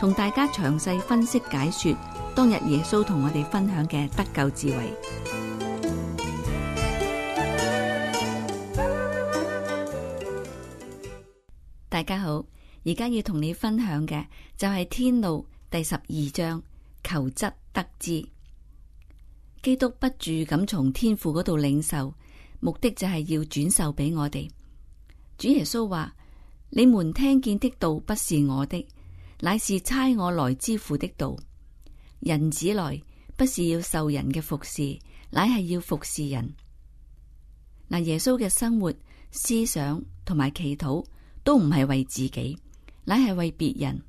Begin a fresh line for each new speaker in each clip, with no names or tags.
同大家詳細分析解說當日耶穌同我哋分享嘅得救智慧。大家好，而家要同你分享嘅就係《天路》第十二章求則得之。基督不住咁從天父嗰度領受，目的就係要轉授俾我哋。主耶穌話：你們聽見的道不是我的。乃是差我來之父的道，人子來，不是要受人嘅服侍，乃係要服侍人。嗱，耶穌嘅生活、思想同埋祈禱都唔係為自己，乃係為別人。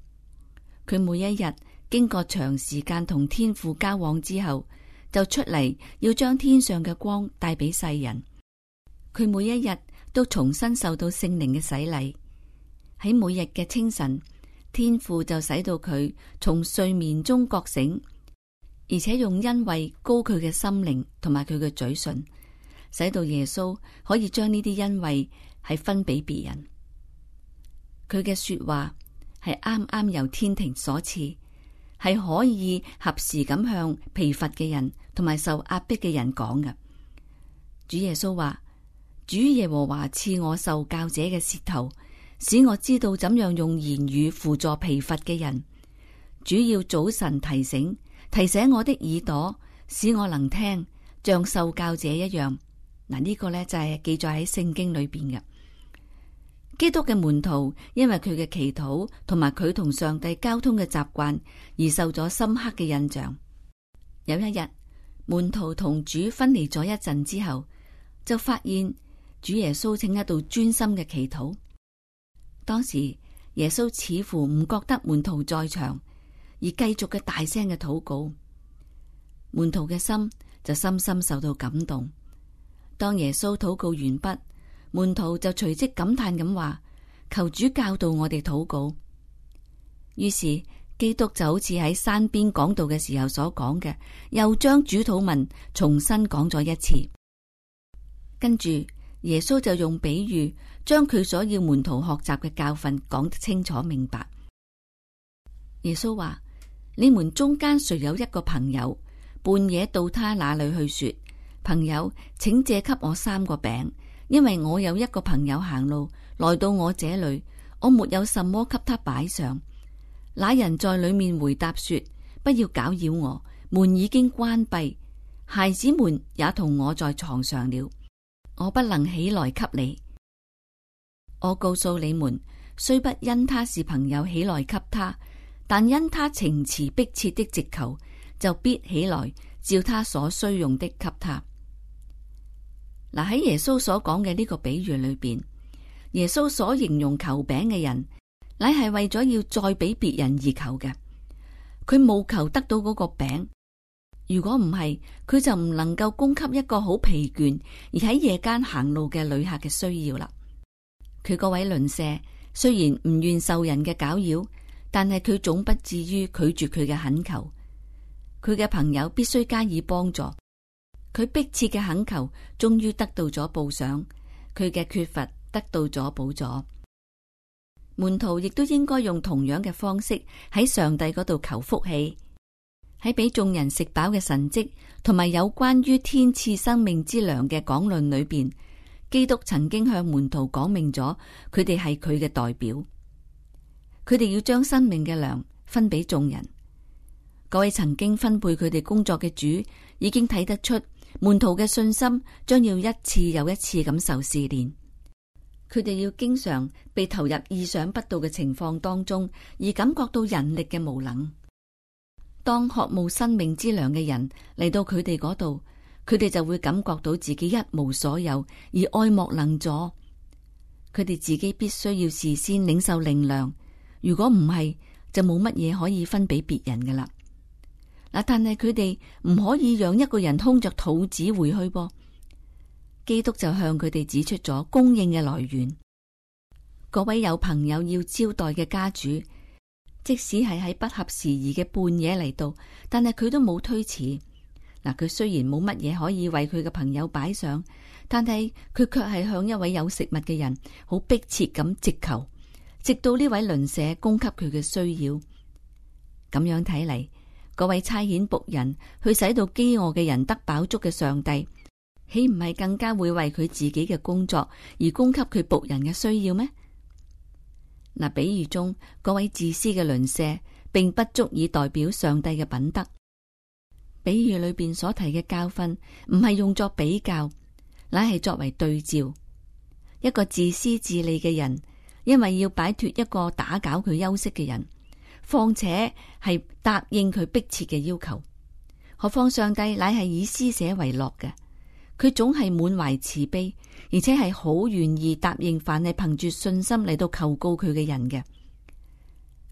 佢每一日經過長時間同天父交往之後，就出嚟要將天上嘅光帶俾世人。佢每一日都重新受到聖靈嘅洗禮，喺每日嘅清晨。天父就使到佢從睡眠中覺醒，而且用恩惠高佢嘅心靈同埋佢嘅嘴唇，使到耶穌可以將呢啲恩惠係分俾別人。佢嘅說話係啱啱由天庭所賜，係可以合時咁向疲乏嘅人同埋受壓迫嘅人講嘅。主耶穌話：主耶和華賜我受教者嘅舌頭。使我知道怎樣用言語輔助疲乏嘅人。主要早晨提醒提醒我的耳朵，使我能聽，像受教者一樣。嗱，呢個咧就係記載喺聖經裏邊嘅基督嘅門徒，因為佢嘅祈禱同埋佢同上帝交通嘅習慣而受咗深刻嘅印象。有一日，門徒同主分離咗一陣之後，就發現主耶穌正喺度專心嘅祈禱。當時耶穌似乎唔覺得門徒在場，而繼續嘅大聲嘅禱告，門徒嘅心就深深受到感動。當耶穌禱告完畢，門徒就隨即感嘆咁話：求主教導我哋禱告。於是基督就好似喺山邊講道嘅時候所講嘅，又將主禱文重新講咗一次。跟住耶穌就用比喻。將佢所要門徒學習嘅教訓講得清楚明白。耶穌話：你們中間誰有一個朋友，半夜到他那裏去說，朋友，請借給我三個餅，因為我有一個朋友行路來到我這裏，我沒有什麼給他擺上。那人在裏面回答說：不要攪擾我，門已經關閉，孩子們也同我在床上了，我不能起來給你。我告訴你們，雖不因他是朋友起來給他，但因他情詞迫切的直求，就必起來照他所需用的給他。嗱、啊，喺耶穌所講嘅呢個比喻裏邊，耶穌所形容求餅嘅人，乃係為咗要再俾別人而求嘅。佢務求得到嗰個餅，如果唔係，佢就唔能夠供給一個好疲倦而喺夜間行路嘅旅客嘅需要啦。佢嗰位鄰舍雖然唔願受人嘅攪擾，但係佢總不至於拒絕佢嘅懇求。佢嘅朋友必須加以幫助。佢迫切嘅懇求終於得到咗報賞，佢嘅缺乏得到咗補助，門徒亦都應該用同樣嘅方式喺上帝嗰度求福氣。喺俾眾人食飽嘅神蹟，同埋有關於天賜生命之糧嘅講論裏邊。基督曾經向門徒講明咗，佢哋係佢嘅代表，佢哋要將生命嘅糧分俾眾人。各位曾經分配佢哋工作嘅主，已經睇得出門徒嘅信心將要一次又一次咁受試煉，佢哋要經常被投入意想不到嘅情況當中，而感覺到人力嘅無能。當渴慕生命之糧嘅人嚟到佢哋嗰度。佢哋就會感覺到自己一無所有而愛莫能助，佢哋自己必須要事先領受靈糧，如果唔係就冇乜嘢可以分俾別人噶啦。嗱，但係佢哋唔可以讓一個人空着肚子回去噃。基督就向佢哋指出咗供應嘅來源。各位有朋友要招待嘅家主，即使係喺不合時宜嘅半夜嚟到，但係佢都冇推遲。嗱，佢雖然冇乜嘢可以為佢嘅朋友擺上，但係佢卻係向一位有食物嘅人好迫切咁祈求，直到呢位鄰舍供給佢嘅需要。咁樣睇嚟，嗰位差遣僕人去使到飢餓嘅人得飽足嘅上帝，豈唔係更加會為佢自己嘅工作而供給佢僕人嘅需要咩？嗱，比喻中嗰位自私嘅鄰舍，並不足以代表上帝嘅品德。比喻裏邊所提嘅教訓，唔係用作比較，乃係作為對照。一個自私自利嘅人，因為要擺脱一個打攪佢休息嘅人，況且係答應佢迫切嘅要求，何況上帝乃係以施捨為樂嘅。佢總係滿懷慈悲，而且係好願意答應凡係憑住信心嚟到求告佢嘅人嘅。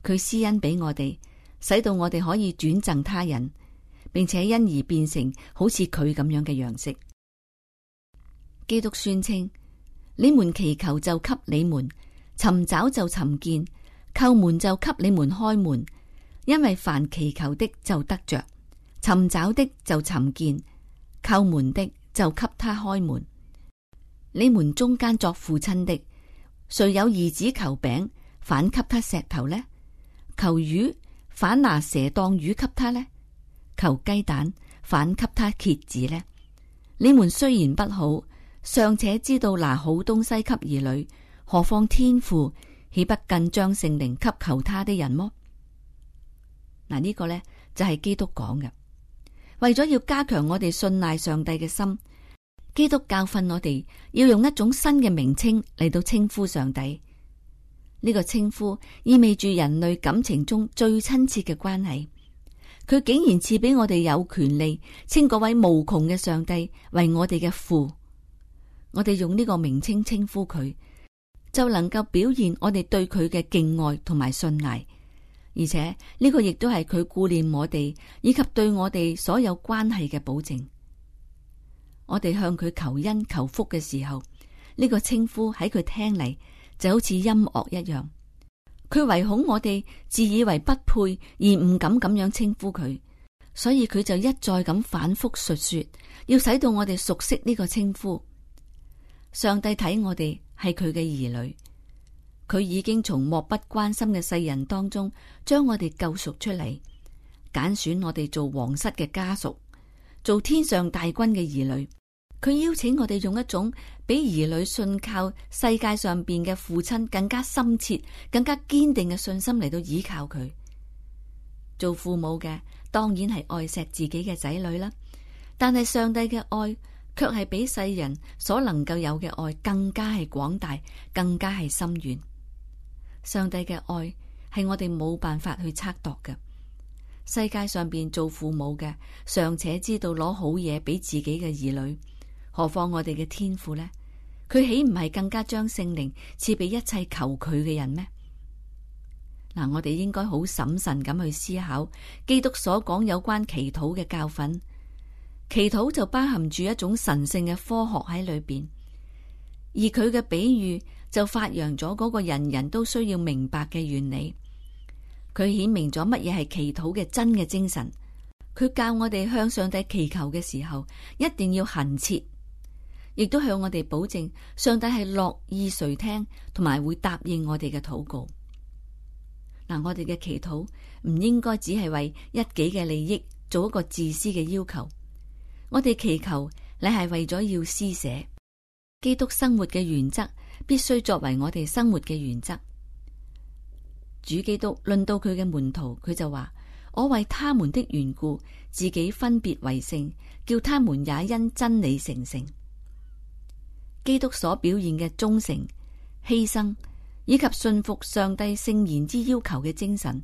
佢施恩俾我哋，使到我哋可以轉贈他人。並且因而變成好似佢咁樣嘅樣式。基督宣稱：你們祈求就給你們，尋找就尋見，叩門就給你們開門，因為凡祈求的就得着，尋找的就尋見，叩門的就給他開門。你們中間作父親的，誰有兒子求餅，反給他石頭呢？求魚，反拿蛇當魚給他呢？求雞蛋，反給他蠍子呢？你們雖然不好，尚且知道拿好東西給兒女，何況天父豈不更將聖靈給求他的人麼？嗱、這、呢個呢，就係、是、基督講嘅，為咗要加強我哋信賴上帝嘅心，基督教訓我哋要用一種新嘅名稱嚟到稱呼上帝。呢、這個稱呼意味住人類感情中最親切嘅關係。佢竟然賜俾我哋有權利稱嗰位無窮嘅上帝為我哋嘅父，我哋用呢個名稱稱呼佢，就能夠表現我哋對佢嘅敬愛同埋信賴，而且呢個亦都係佢顧念我哋以及對我哋所有關係嘅保證。我哋向佢求恩求福嘅時候，呢個稱呼喺佢聽嚟就好似音樂一樣。佢唯恐我哋自以為不配而唔敢咁樣稱呼佢，所以佢就一再咁反覆述說，要使到我哋熟悉呢個稱呼。上帝睇我哋係佢嘅兒女，佢已經從漠不關心嘅世人當中將我哋救贖出嚟，揀選我哋做皇室嘅家屬，做天上大軍嘅兒女。佢邀請我哋用一種，俾兒女信靠世界上邊嘅父親更加深切，更加堅定嘅信心嚟到依靠佢。做父母嘅，當然係愛錫自己嘅仔女啦。但係上帝嘅愛卻係比世人所能夠有嘅愛更加係廣大，更加係深遠。上帝嘅愛係我哋冇辦法去測度嘅。世界上邊做父母嘅尚且知道攞好嘢俾自己嘅兒女，何況我哋嘅天父呢？佢豈唔係更加將聖靈賜俾一切求佢嘅人咩？嗱，我哋應該好審慎咁去思考基督所講有關祈禱嘅教訓。祈禱就包含住一種神聖嘅科學喺裏邊，而佢嘅比喻就發揚咗嗰個人人都需要明白嘅原理。佢顯明咗乜嘢係祈禱嘅真嘅精神。佢教我哋向上帝祈求嘅時候，一定要恆切。亦都向我哋保證，上帝係樂意垂聽，同埋會答應我哋嘅禱告。嗱，我哋嘅祈禱唔應該只係為一己嘅利益做一個自私嘅要求。我哋祈求你係為咗要施捨基督生活嘅原則，必須作為我哋生活嘅原則。主基督論到佢嘅門徒，佢就話，我為他們的緣故，自己分別為聖，叫他們也因真理成聖。基督所表現嘅忠誠、犧牲以及信服上帝聖言之要求嘅精神，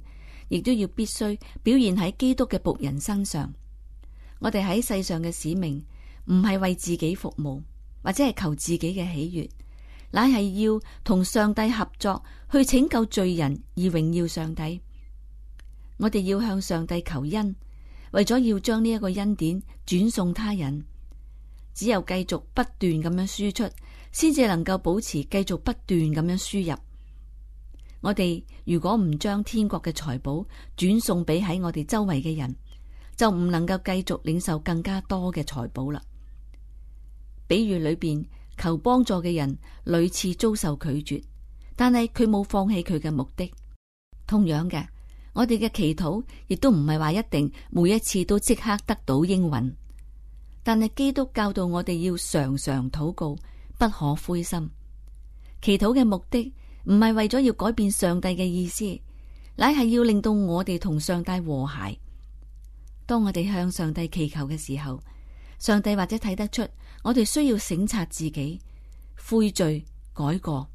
亦都要必須表現喺基督嘅僕人身上。我哋喺世上嘅使命，唔係為自己服務，或者係求自己嘅喜悅，乃係要同上帝合作去拯救罪人而榮耀上帝。我哋要向上帝求恩，為咗要將呢一個恩典轉送他人。只有繼續不斷咁樣輸出，先至能夠保持繼續不斷咁樣輸入。我哋如果唔將天國嘅財寶轉送俾喺我哋周圍嘅人，就唔能夠繼續領受更加多嘅財寶啦。比喻裏邊求幫助嘅人屢次遭受拒絕，但係佢冇放棄佢嘅目的。同樣嘅，我哋嘅祈禱亦都唔係話一定每一次都即刻得到應允。但係基督教導我哋要常常禱告，不可灰心。祈禱嘅目的唔係為咗要改變上帝嘅意思，乃係要令到我哋同上帝和諧。當我哋向上帝祈求嘅時候，上帝或者睇得出我哋需要省察自己，悔罪改過。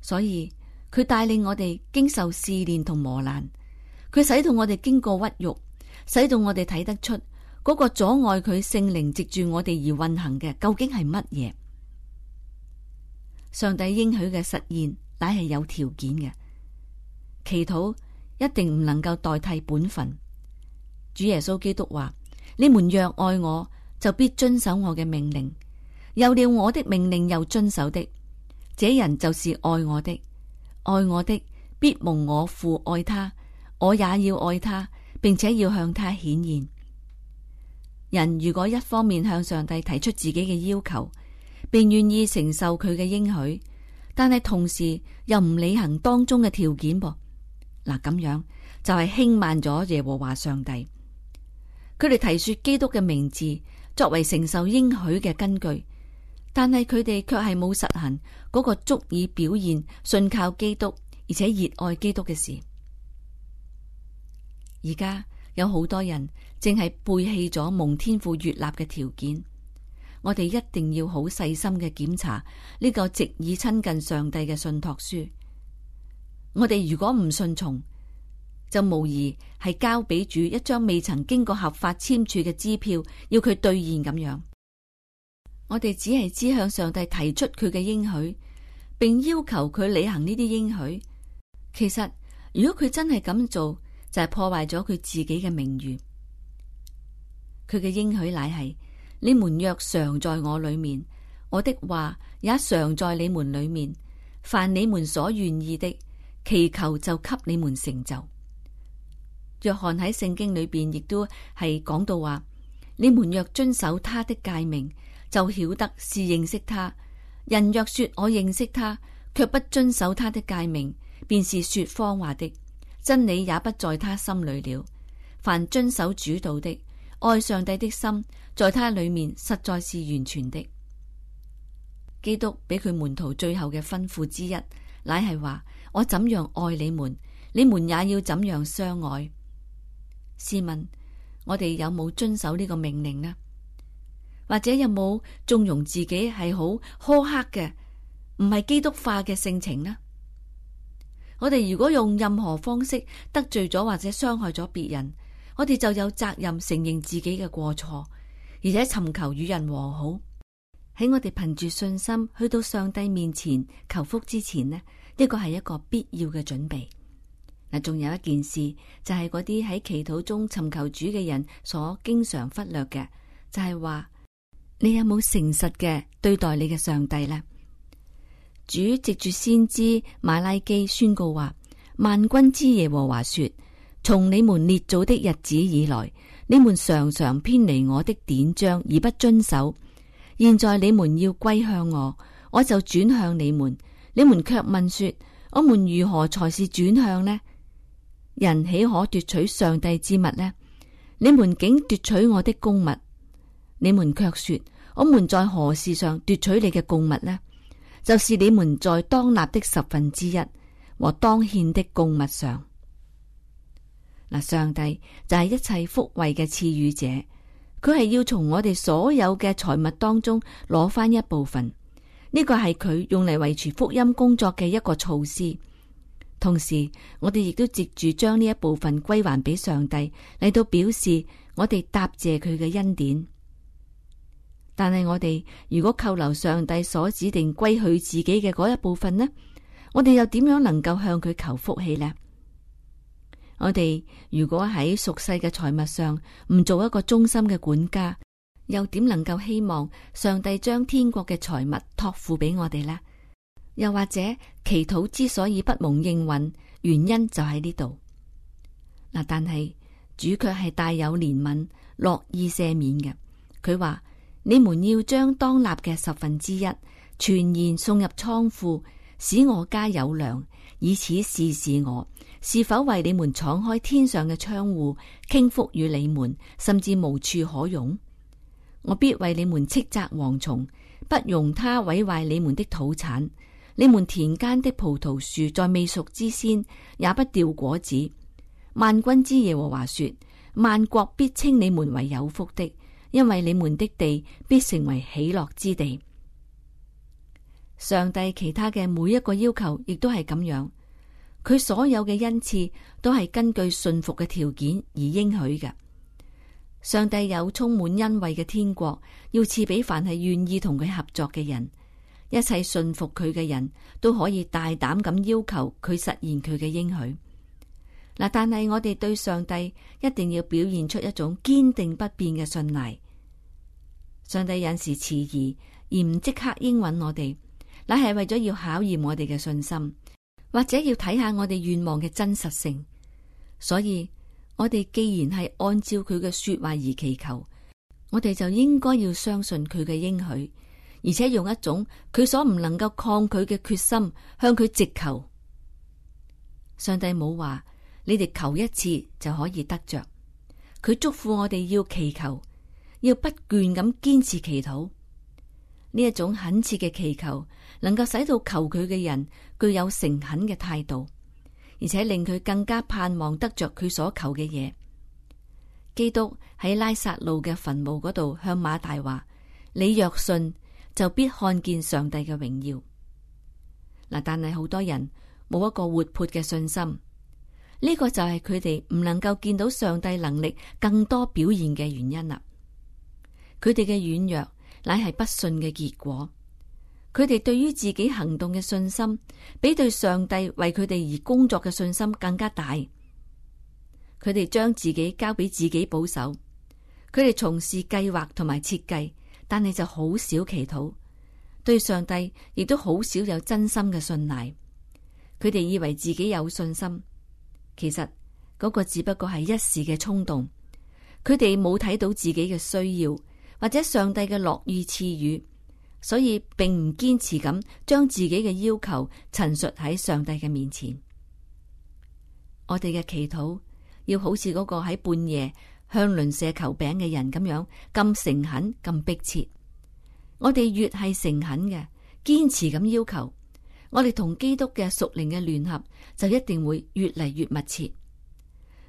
所以佢帶領我哋經受試煉同磨難，佢使到我哋經過屈辱，使到我哋睇得出。嗰個阻礙佢聖靈藉住我哋而運行嘅，究竟係乜嘢？上帝應許嘅實現，乃係有條件嘅。祈禱一定唔能夠代替本分。主耶穌基督話：你們 若愛我，就必遵守我嘅命令；有了我的命令又遵守的，這人就是愛我的。愛我的必蒙我父愛他，我也要愛他，並且要向他顯現。人如果一方面向上帝提出自己嘅要求，並願意承受佢嘅應許，但係同時又唔履行當中嘅條件，噃，嗱，咁樣就係輕慢咗耶和華上帝。佢哋提說基督嘅名字作為承受應許嘅根據，但係佢哋卻係冇實行嗰個足以表現信靠基督而且熱愛基督嘅事。而家。有好多人淨係背棄咗蒙天父悅納嘅條件，我哋一定要好細心嘅檢查呢、這個直以親近上帝嘅信託書。我哋如果唔信從，就無疑係交俾主一張未曾經過合法簽署嘅支票，要佢兌現咁樣。我哋只係知向上帝提出佢嘅應許，並要求佢履行呢啲應許。其實如果佢真係咁做，就係破壞咗佢自己嘅名譽，佢嘅應許乃係：你們若常在我裏面，我的話也常在你們裏面。凡你們所願意的，祈求就給你們成就。約翰喺聖經裏邊亦都係講到話：你們若遵守他的誡命，就曉得是認識他。人若說我認識他，卻不遵守他的誡命，便是說謊話的。真理也不在他心裏了。凡遵守主道的、愛上帝的心，在他裏面實在是完全的。基督俾佢門徒最後嘅吩咐之一，乃係話：我怎樣愛你們，你們也要怎樣相愛。試問，我哋有冇遵守呢個命令呢？或者有冇縱容自己係好苛刻嘅、唔係基督化嘅性情呢？我哋如果用任何方式得罪咗或者傷害咗別人，我哋就有責任承認自己嘅過錯，而且尋求與人和好。喺我哋憑住信心去到上帝面前求福之前，呢一個係一個必要嘅準備。嗱，仲有一件事就係嗰啲喺祈禱中尋求主嘅人所經常忽略嘅，就係、是、話你有冇誠實嘅對待你嘅上帝咧？主藉住先知瑪拉基宣告話：萬軍之耶和華說，從你們列祖的日子以來，你們常常偏離我的典章而不遵守。現在你們要歸向我，我就轉向你們。你們却問說：我們如何才是轉向呢？人豈可奪取上帝之物呢？你們竟奪取我的供物，你們却說：我們在何事上奪取你嘅供物呢？就是你們在當立的十分之一和當獻的供物上，嗱，上帝就係一切福惠嘅賜予者，佢係要從我哋所有嘅財物當中攞翻一部分，呢、這個係佢用嚟維持福音工作嘅一個措施，同時我哋亦都藉住將呢一部分歸還俾上帝，嚟到表示我哋答謝佢嘅恩典。但係我哋如果扣留上帝所指定歸去自己嘅嗰一部分呢？我哋又點樣能夠向佢求福氣呢？我哋如果喺俗世嘅財物上唔做一個忠心嘅管家，又點能夠希望上帝將天國嘅財物託付俾我哋呢？又或者祈禱之所以不蒙應允，原因就喺呢度嗱。但係主卻係帶有憐憫、樂意赦免嘅，佢話。你們要將當納嘅十分之一全然送入倉庫，使我家有糧，以此試試我，是否為你們敞開天上嘅窗戶，傾福與你們，甚至無處可容。我必為你們斥責蝗蟲，不容它毀壞你們的土產。你們田間的葡萄樹在未熟之先也不掉果子。萬軍之耶和華說：萬國必稱你們為有福的。因為你們的地必成為喜樂之地。上帝其他嘅每一個要求，亦都係咁樣。佢所有嘅恩賜都係根據信服嘅條件而應許嘅。上帝有充滿恩惠嘅天國，要賜俾凡係願意同佢合作嘅人，一切信服佢嘅人都可以大膽咁要求佢實現佢嘅應許嗱。但係我哋對上帝一定要表現出一種堅定不變嘅信賴。上帝有時遲疑而唔即刻應允我哋，乃係為咗要考驗我哋嘅信心，或者要睇下我哋願望嘅真實性。所以，我哋既然係按照佢嘅說話而祈求，我哋就應該要相信佢嘅應許，而且用一種佢所唔能夠抗拒嘅決心向佢直求。上帝冇話：「你哋求一次就可以得着」，佢囑咐我哋要祈求。要不倦咁堅持祈禱呢一種懇切嘅祈求，能夠使到求佢嘅人具有誠懇嘅態度，而且令佢更加盼望得着佢所求嘅嘢。基督喺拉撒路嘅墳墓嗰度向馬大話：「你若信，就必看見上帝嘅榮耀。嗱，但係好多人冇一個活潑嘅信心，呢個就係佢哋唔能夠見到上帝能力更多表現嘅原因啦。佢哋嘅軟弱乃係不信嘅結果。佢哋對於自己行動嘅信心，比對上帝為佢哋而工作嘅信心更加大。佢哋將自己交俾自己保守，佢哋從事計劃同埋設計，但係就好少祈禱，對上帝亦都好少有真心嘅信賴。佢哋以為自己有信心，其實嗰個只不過係一時嘅衝動。佢哋冇睇到自己嘅需要，或者上帝嘅樂意賜予，所以並唔堅持咁將自己嘅要求陳述喺上帝嘅面前。我哋嘅祈禱要好似嗰個喺半夜向鄰舍求餅嘅人咁樣，咁誠懇，咁迫切。我哋越係誠懇嘅堅持咁要求，我哋同基督嘅屬靈嘅聯合就一定會越嚟越密切。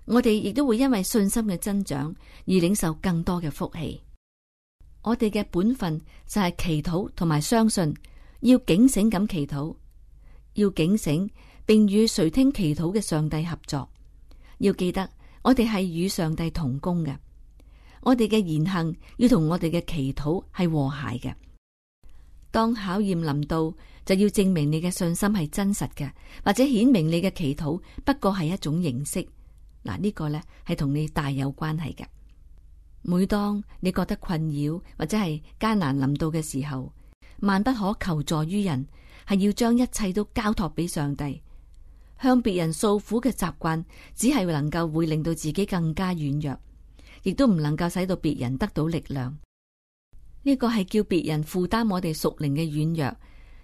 我哋亦都會因為信心嘅增長而領受更多嘅福氣。我哋嘅本分就係祈禱同埋相信，要警醒咁祈禱，要警醒，並與垂聽祈禱嘅上帝合作。要記得，我哋係與上帝同工嘅。我哋嘅言行要同我哋嘅祈禱係和諧嘅。當考驗臨到，就要證明你嘅信心係真實嘅，或者顯明你嘅祈禱不過係一種形式。嗱，呢個呢係同你大有關係嘅。每當你覺得困擾或者係艱難臨到嘅時候，萬不可求助於人，係要將一切都交託俾上帝。向別人訴苦嘅習慣，只係能夠會令到自己更加軟弱，亦都唔能夠使到別人得到力量。呢個係叫別人負擔我哋屬靈嘅軟弱，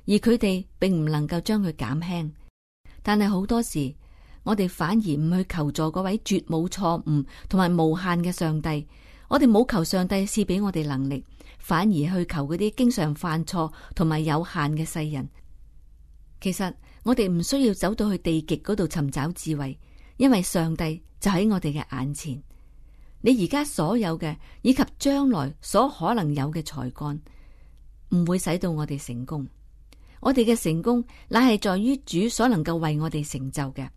而佢哋並唔能夠將佢減輕。但係好多時，我哋反而唔去求助嗰位絕冇錯誤同埋無限嘅上帝。我哋冇求上帝賜俾我哋能力，反而去求嗰啲經常犯錯同埋有限嘅世人。其實我哋唔需要走到去地極嗰度尋找智慧，因為上帝就喺我哋嘅眼前。你而家所有嘅，以及將來所可能有嘅才幹，唔會使到我哋成功。我哋嘅成功乃係在於主所能夠為我哋成就嘅。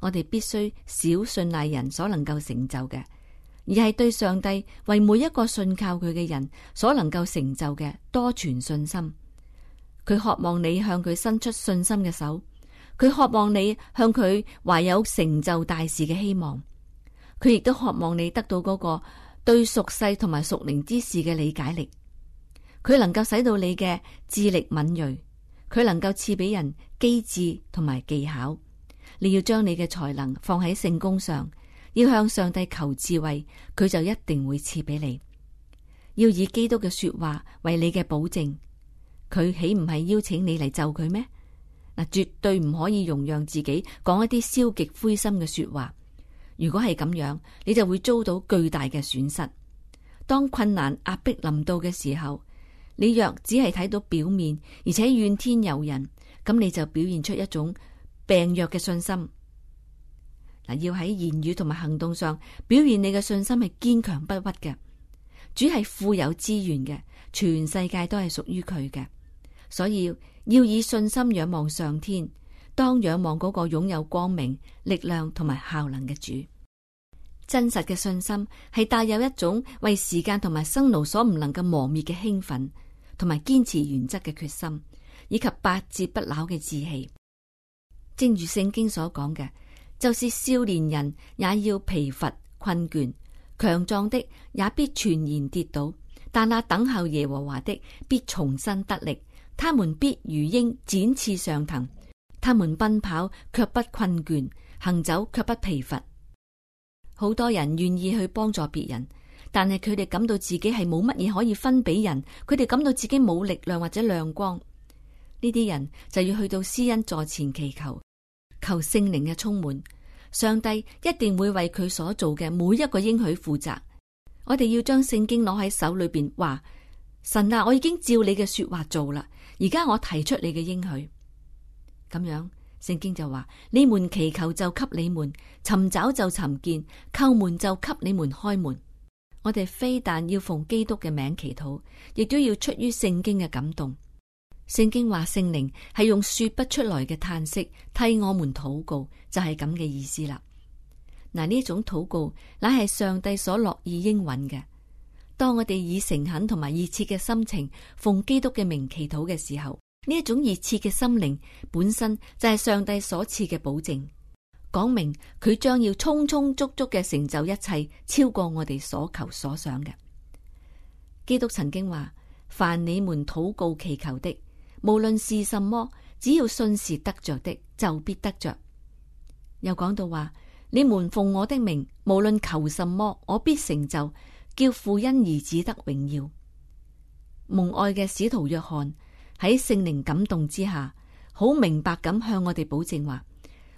我哋必須少信賴人所能夠成就嘅。而係對上帝為每一個信靠佢嘅人所能夠成就嘅多存信心，佢渴望你向佢伸出信心嘅手，佢渴望你向佢懷有成就大事嘅希望，佢亦都渴望你得到嗰個對屬世同埋屬靈之事嘅理解力，佢能夠使到你嘅智力敏銳，佢能夠賜俾人機智同埋技巧，你要將你嘅才能放喺聖工上。要向上帝求智慧，佢就一定會賜俾你。要以基督嘅說話為你嘅保證，佢豈唔係邀請你嚟就佢咩？絕對唔可以容讓自己講一啲消極灰心嘅說話。如果係咁樣，你就會遭到巨大嘅損失。當困難壓迫臨到嘅時候，你若只係睇到表面，而且怨天尤人，咁你就表現出一種病弱嘅信心。嗱，要喺言語同埋行動上表現你嘅信心係堅強不屈嘅。主係富有資源嘅，全世界都係屬於佢嘅，所以要以信心仰望上天，當仰望嗰個擁有光明、力量同埋效能嘅主。真實嘅信心係帶有一種為時間同埋生路所唔能夠磨滅嘅興奮，同埋堅持原則嘅決心，以及百折不撓嘅志氣。正如聖經所講嘅。就是少年人也要疲乏困倦，強壯的也必全然跌倒。但那等候耶和華的必重新得力，他們必如鷹展翅上騰，他們奔跑卻不困倦，行走卻不疲乏。好多人願意去幫助別人，但係佢哋感到自己係冇乜嘢可以分俾人，佢哋感到自己冇力量或者亮光。呢啲人就要去到施恩座前祈求。求聖靈嘅充滿，上帝一定會為佢所做嘅每一個應許負責。我哋要將聖經攞喺手裏邊，話神啊，我已經照你嘅說話做啦，而家我提出你嘅應許，咁樣聖經就話：你們祈求就給你們，尋找就尋見，叩門就給你們開門。我哋非但要奉基督嘅名祈禱，亦都要出於聖經嘅感動。聖經話聖靈係用說不出來嘅嘆息替我們禱告，就係咁嘅意思啦。嗱，呢種禱告乃係上帝所樂意應允嘅。當我哋以誠懇同埋熱切嘅心情，奉基督嘅名祈禱嘅時候，呢一種熱切嘅心靈本身就係上帝所賜嘅保證，講明佢將要充充足足嘅成就一切，超過我哋所求所想嘅。基督曾經話：「凡你們禱告祈求的，無論是什麼，只要信是得着的，就必得着。又講到話，你們奉我的名，無論求什麼，我必成就，叫父因兒子得榮耀。蒙愛嘅使徒約翰喺聖靈感動之下，好明白咁向我哋保證話：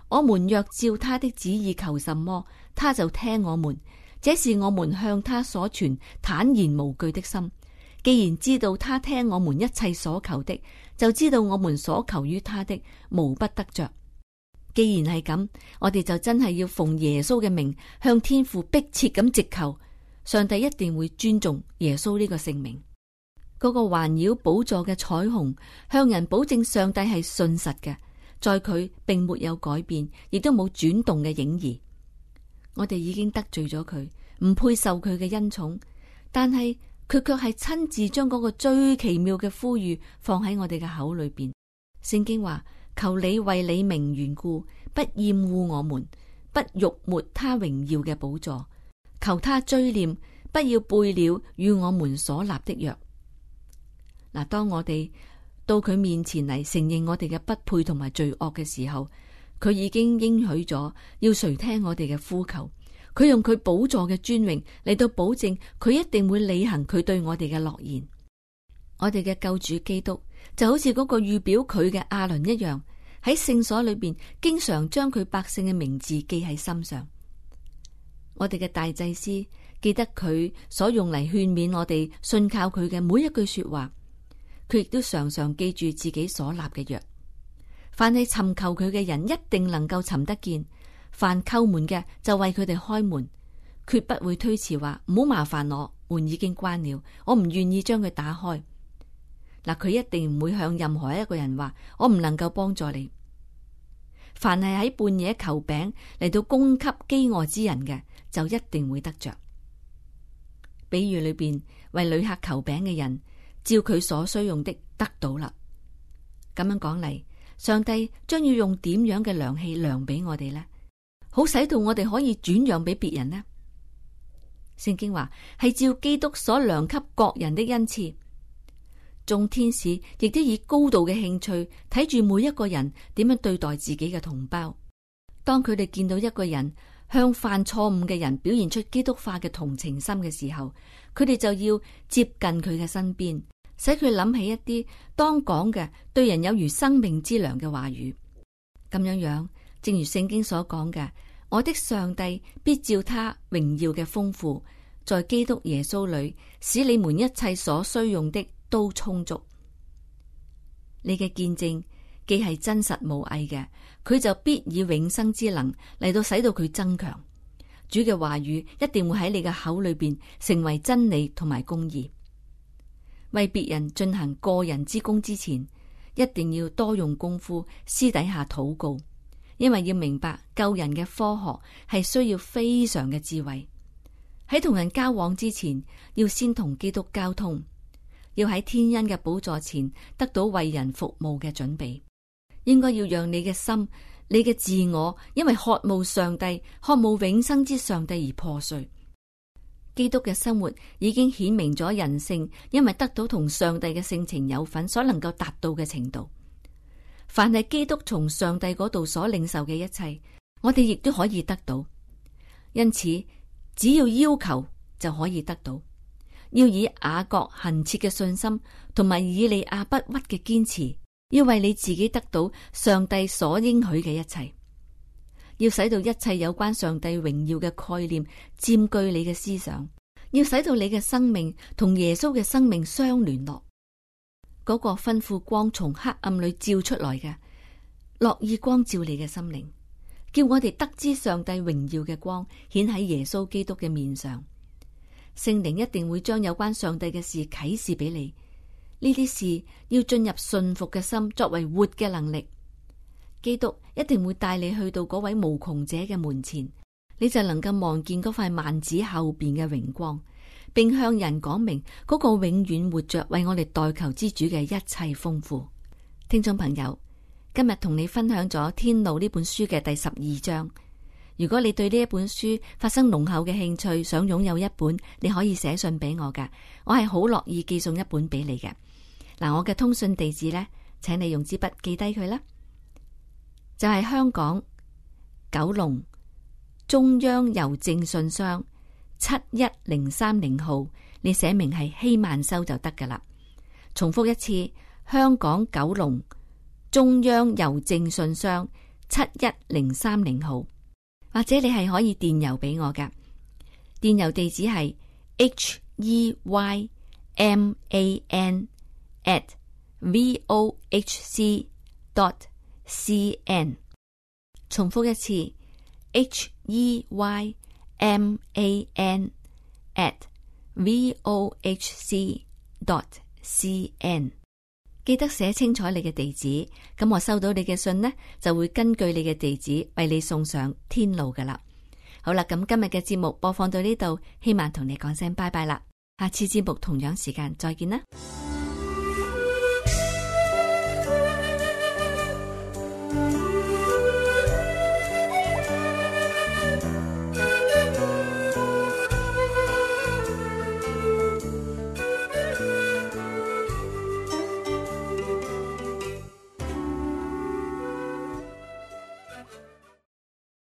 我們若照他的旨意求什麼，他就聽我們。這是我們向他所傳坦然無懼的心。既然知道他聽我們一切所求的。就知道我們所求於他的無不得着。既然係咁，我哋就真係要奉耶穌嘅名，向天父迫切咁直求，上帝一定會尊重耶穌呢個姓名。嗰個環繞寶座嘅彩虹向人保證上帝係信實嘅，在佢並沒有改變，亦都冇轉動嘅影兒。我哋已經得罪咗佢，唔配受佢嘅恩寵，但係，佢卻係親自將嗰個最奇妙嘅呼籲放喺我哋嘅口裏邊。聖經話：求你為你名緣故，不厭惡我們，不辱沒他榮耀嘅寶座。求他追念，不要背了與我們所立的約。嗱，當我哋到佢面前嚟承認我哋嘅不配同埋罪惡嘅時候，佢已經應許咗要垂聽我哋嘅呼求。佢用佢寶座嘅尊榮嚟到保證，佢一定會履行佢對我哋嘅諾言。我哋嘅救主基督就好似嗰個預表佢嘅亞倫一樣，喺聖所裏邊經常將佢百姓嘅名字記喺心上。我哋嘅大祭司記得佢所用嚟勸勉我哋信靠佢嘅每一句說話，佢亦都常常記住自己所立嘅約。凡係尋求佢嘅人，一定能夠尋得見。凡叩門嘅就為佢哋開門，絕不會推遲話唔好麻煩我門已經關了，我唔願意將佢打開。嗱，佢一定唔會向任何一個人話我唔能夠幫助你。凡係喺半夜求餅嚟到供給飢餓之人嘅，就一定會得着。比喻裏邊為旅客求餅嘅人，照佢所需用的得到啦。咁樣講嚟，上帝將要用點樣嘅量器量俾我哋呢？好使到我哋可以轉讓俾別人咧。聖經話，係照基督所量給各人的恩賜，眾天使亦都以高度嘅興趣睇住每一個人點樣對待自己嘅同胞。當佢哋見到一個人向犯錯誤嘅人表現出基督化嘅同情心嘅時候，佢哋就要接近佢嘅身邊，使佢諗起一啲當講嘅對人有如生命之糧嘅話語。咁樣樣，正如聖經所講嘅。我的上帝必照祂榮耀嘅豐富，在基督耶穌裏使你們一切所需用的都充足。你嘅見證既係真實無偽嘅，佢就必以永生之能嚟到使到佢增強。主嘅話語一定會喺你嘅口裏邊成為真理同埋公義。為別人進行個人之功之前，一定要多用功夫私底下禱告。因為要明白救人嘅科學係，需要非常嘅智慧。喺同人交往之前，要先同基督交通，要喺天恩嘅寶座前得到為人服務嘅準備。應該要讓你嘅心、你嘅自我，因為渴慕上帝、渴慕永生之上帝而破碎。基督嘅生活已經顯明咗人性，因為得到同上帝嘅性情有份，所能夠達到嘅程度。凡係基督從上帝嗰度所領受嘅一切，我哋亦都可以得到。因此，只要要求就可以得到。要以雅各恒切嘅信心，同埋以利亞不屈嘅堅持，要為你自己得到上帝所應許嘅一切。要使到一切有關上帝榮耀嘅概念佔據你嘅思想，要使到你嘅生命同耶穌嘅生命相聯絡。嗰個吩咐光從黑暗裏照出來嘅，樂意光照你嘅心靈，叫我哋得知上帝榮耀嘅光顯喺耶穌基督嘅面上。聖靈一定會將有關上帝嘅事啟示俾你，呢啲事要進入信服嘅心，作為活嘅能力。基督一定會帶你去到嗰位無窮者嘅門前，你就能夠望見嗰塊幔子後邊嘅榮光。並向人講明嗰個永遠活着為我哋代求之主嘅一切豐富。聽眾朋友，今日同你分享咗《天路》呢本書嘅第十二章。如果你對呢一本書發生濃厚嘅興趣，想擁有一本，你可以寫信俾我噶，我係好樂意寄送一本俾你嘅。嗱，我嘅通訊地址呢，請你用支筆記低佢啦。就係香港九龍中央郵政信箱。七一零三零號，你寫明係希曼修就得噶啦。重複一次，香港九龍中央郵政信箱七一零三零號，或者你係可以電郵俾我㗎。電郵地址係 h e y m a n at v o h c dot c n。重複一次，h e y。m a n at v o h c dot c n，記得寫清楚你嘅地址，咁我收到你嘅信呢，就會根據你嘅地址為你送上天路噶啦。好啦，咁今日嘅節目播放到呢度，希望同你講聲拜拜啦，下次節目同樣時間再見啦。